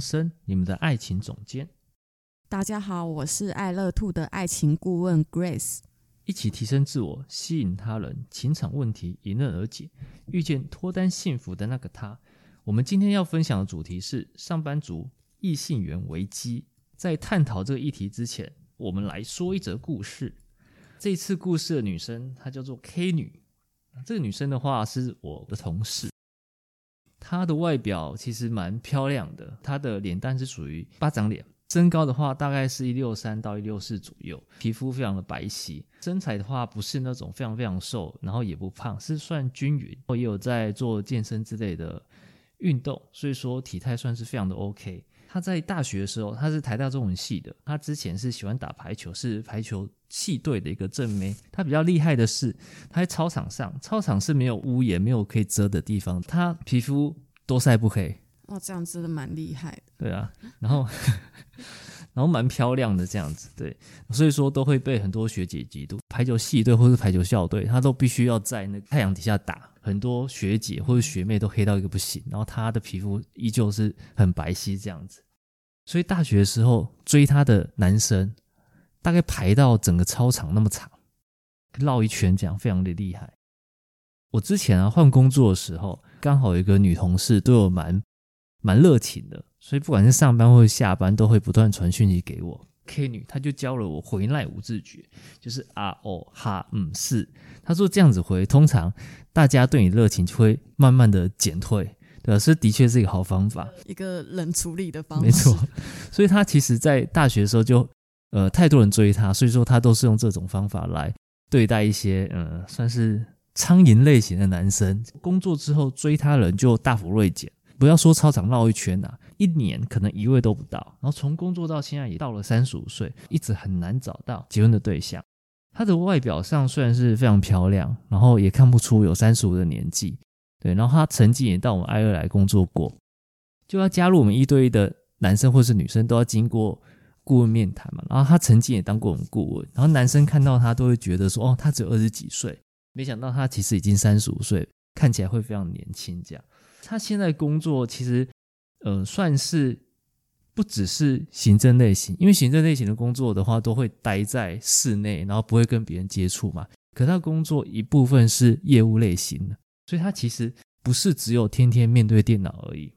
Sam，你們的愛情總監。大家好，我是愛樂 Two 的愛情顧問 Grace。一起提升自我，吸引他人，情場問題迎刃而解，遇見脫單幸福的那個他。我們今天要分享的主題是上班族異性緣危機。在探討這個議題之前，我們來說一則故事。這次故事的女生她叫做 K 女，這個女生的話是我的同事。他的外表其實蠻漂亮的，他的臉蛋是屬於巴掌臉，身高的話大概是一六三到一六四左右，皮膚非常的白皙，身材的話不是那種非常非常瘦，然後也不胖，是算均勻，然後也有在做健身之類的運動，所以說體態算是非常的 OK。他在大學的時候，他是台大中文系的，他之前是喜歡打排球，是排球系隊的一個正妹。他比較厲害的是他在操場上，操場是沒有屋檐、沒有可以遮的地方，他皮膚。多曬不黑哦，這樣真的蠻厲害的。對啊，然後 然後蠻漂亮的，這樣子，對，所以說都會被很多學姐嫉妒。排球系隊或是排球校隊，他都必須要在那個太陽底下打。很多學姐或是學妹都黑到一個不行，然後她的皮膚依舊是很白皙這樣子。所以大學的時候追她的男生，大概排到整個操場那麼長，繞一圈，這樣非常的厲害。我之前啊換工作的時候。剛好有一個女同事對我蠻蠻熱情的，所以不管是上班或者下班，都會不斷傳訊息給我。K 女，她就教了我回 Line 五字訣，就是啊哦哈嗯是。她說這樣子回，通常大家對你熱情就會慢慢的減退，對、啊，這的確是一個好方法，一個冷處理的方法。沒錯，所以她其實在大學的時候就呃太多人追她，所以說她都是用這種方法來對待一些嗯、呃、算是。蒼蠅類型的男生，工作之後追他的人就大幅銳減，不要說操場繞一圈啊，一年可能一位都不到。然後從工作到現在也到了三十五歲，一直很難找到結婚的對象。他的外表上雖然是非常漂亮，然後也看不出有三十五的年紀。對，然後他曾經也到我們愛樂來工作過，就要加入我們一對一的男生或是女生都要經過顧問面談嘛。然後他曾經也當過我們顧問，然後男生看到他都會覺得說，哦，他只有二十幾歲。沒想到她其實已經三十五歲，看起來會非常年輕。這樣，她現在工作其實，嗯、呃，算是不只是行政類型，因為行政類型的工作的話，都會待在室內，然後不會跟別人接觸嘛。可她的工作一部分是業務類型的，所以她其實不是只有天天面對電腦而已。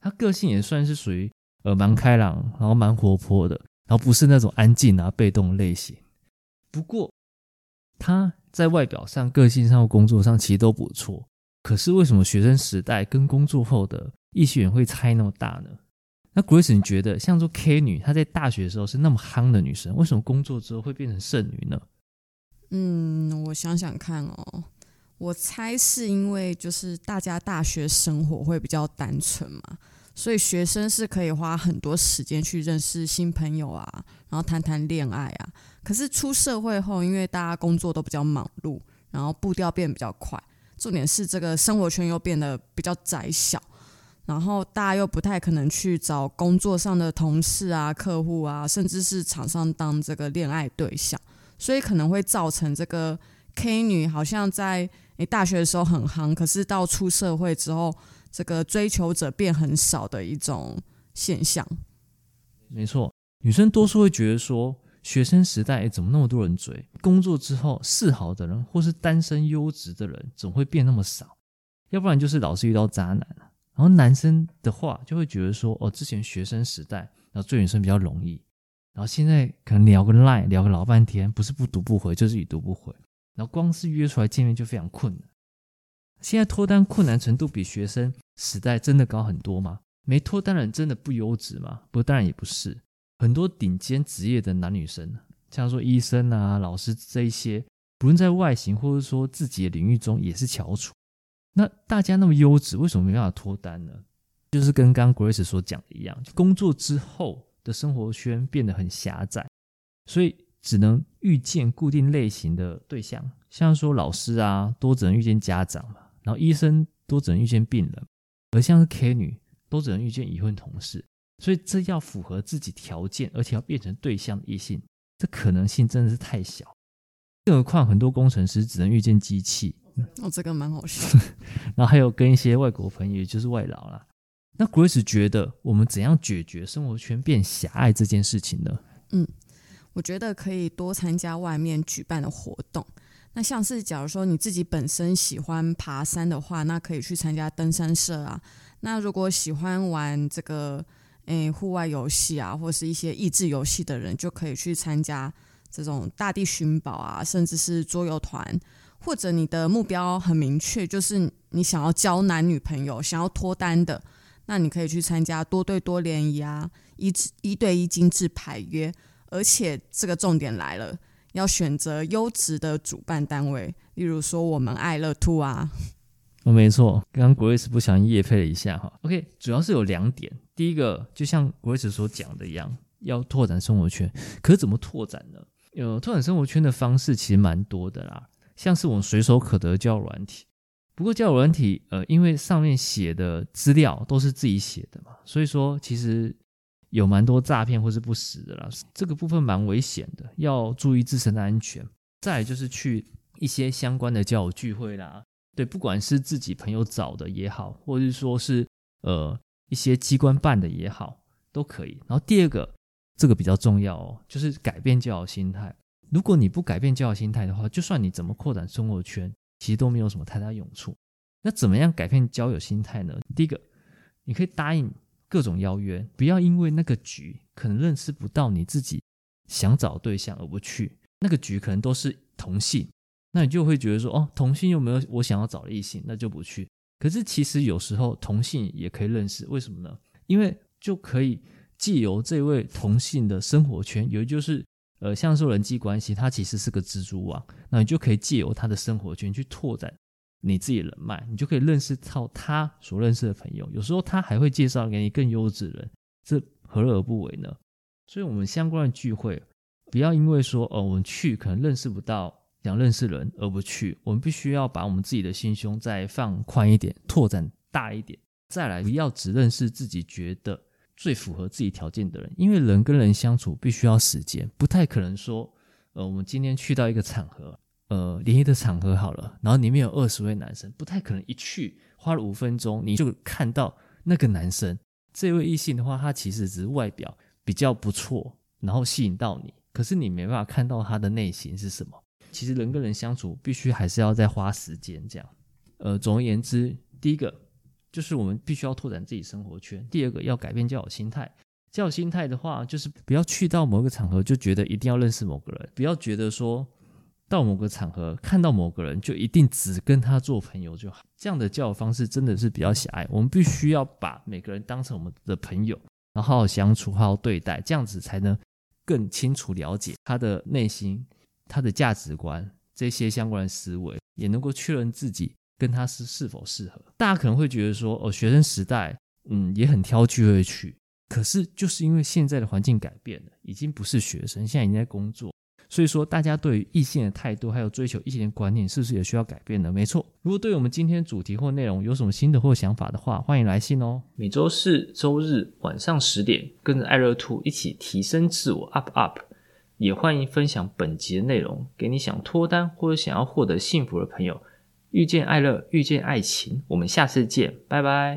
她個性也算是屬於呃蠻開朗，然後蠻活潑的，然後不是那種安靜啊被動類型。不過她。在外表上、個性上或工作上，其實都不錯。可是為什麼學生時代跟工作後的異性緣會差那麼大呢？那 Grace，你覺得像做 K 女，她在大學的時候是那麼夯的女生，為什麼工作之後會變成剩女呢？嗯，我想想看哦，我猜是因為就是大家大學生活會比較單純嘛。所以學生是可以花很多時間去認識新朋友啊，然後談談戀愛啊。可是出社會後，因為大家工作都比較忙碌，然後步調變得比較快，重點是這個生活圈又變得比較窄小，然後大家又不太可能去找工作上的同事啊、客戶啊，甚至是廠商當這個戀愛對象，所以可能會造成這個 K 女好像在你、欸、大學的時候很夯，可是到出社會之後，這個追求者變很少的一種現象，沒錯。女生多數會覺得說，學生時代怎麼那麼多人追，工作之後，示好的人或是單身優質的人，總會變那麼少，要不然就是老是遇到渣男。然後男生的話，就會覺得說，哦，之前學生時代，然後追女生比較容易，然後現在可能聊個 line，聊個老半天，不是不讀不回，就是已讀不回，然後光是約出來見面就非常困難。現在脫單困難程度比學生。時代真的高很多嗎？沒脫單的人真的不優質嗎？不，當然也不是。很多頂尖職業的男女生，像說醫生啊、老師這一些，不論在外形或者說自己的領域中也是翹楚。那大家那麼優質，為什麼沒辦法脫單呢？就是跟剛 Grace 所講的一樣，就工作之後的生活圈變得很狹窄，所以只能遇見固定類型的對象。像說老師啊，多只能遇見家長嘛；然後醫生多只能遇見病人。而像是 K 女，都只能遇見已婚同事，所以這要符合自己條件，而且要變成對象的異性，這可能性真的是太小。更何況很多工程師只能遇見機器。哦，這個蠻好笑。 然後還有跟一些外國朋友，就是外勞啦。那 Grace 覺得我們怎樣解決生活圈變狹隘這件事情呢？嗯，我覺得可以多參加外面舉辦的活動。那像是，假如說你自己本身喜歡爬山的話，那可以去參加登山社啊。那如果喜歡玩這個誒戶外遊戲啊，或是一些益智遊戲的人，就可以去參加這種大地尋寶啊，甚至是桌遊團。或者你的目標很明確，就是你想要交男女朋友，想要脫單的，那你可以去參加多對多聯誼啊，一一對一精致排約。而且這個重點來了。要選擇優質的主辦單位，例如說我們愛樂 Two 啊。哦、嗯，沒錯，剛剛 Grace 不小心業配了一下哈。OK，主要是有兩點，第一個就像 Grace 所講的一樣，要拓展生活圈。可是怎麼拓展呢？有、呃、拓展生活圈的方式其實蠻多的啦，像是我們隨手可得的交友軟體。不過交友軟體呃，因為上面寫的資料都是自己寫的嘛，所以說其實。有蠻多詐騙或是不實的啦，這個部分蠻危險的，要注意自身的安全。再來就是去一些相關的交友聚會啦，對，不管是自己朋友找的也好，或者是說是呃一些機關辦的也好，都可以。然後第二個，這個比較重要哦，就是改變交友心態。如果你不改變交友心態的話，就算你怎麼擴展生活圈，其實都沒有什麼太大用處。那怎麼樣改變交友心態呢？第一個，你可以答應。各種邀約，不要因為那個局可能認識不到你自己想找對象而不去。那個局可能都是同性，那你就會覺得說，哦，同性又沒有我想要找異性，那就不去。可是其實有時候同性也可以認識，為什麼呢？因為就可以借由這位同性的生活圈，也就是呃，像是人際關係，它其實是個蜘蛛網，那你就可以借由他的生活圈去拓展，你自己人脈，你就可以認識到他所認識的朋友。有時候他還會介紹給你更優質的人，這何樂而不為呢？所以，我們相關的聚會，不要因為說，呃，我們去可能認識不到想認識人而不去。我們必須要把我們自己的心胸再放寬一點，拓展大一點，再來不要只認識自己覺得最符合自己條件的人，因為人跟人相處必須要時間，不太可能說，呃，我們今天去到一個場合。呃，聯誼的場合好了，然後裡面有二十位男生，不太可能一去花了五分鐘你就看到那個男生。這位異性的話，他其實只是外表比較不錯，然後吸引到你，可是你沒辦法看到他的內心是什麼。其實人跟人相處，必須還是要再花時間這樣。呃，總而言之，第一個就是我們必須要拓展自己生活圈，第二個要改變交友心態。交友心態的話，就是不要去到某個場合就覺得一定要認識某個人，不要覺得說。到某個場合看到某個人，就一定只跟他做朋友就好，這樣的交友方式真的是比較狹隘。我們必須要把每個人當成我們的朋友，然後好好相處、好好對待，這樣子才能更清楚了解他的內心、他的價值觀這些相關的思維，也能夠確認自己跟他是是否適合。大家可能會覺得說，哦，學生時代，嗯，也很挑聚會去，可是就是因為現在的環境改變了，已經不是學生，現在已經在工作。所以說，大家對於異性的態度，還有追求異性的觀念，是不是也需要改變呢？沒錯。如果對我們今天主題或內容有什麼新的或想法的話，歡迎來信哦。每週四、週日晚上十點，跟着愛樂 Two 一起提升自我，up up。也歡迎分享本集的內容，給你想脫單或者想要獲得幸福的朋友。遇見愛樂，遇見愛情。我們下次見，拜拜。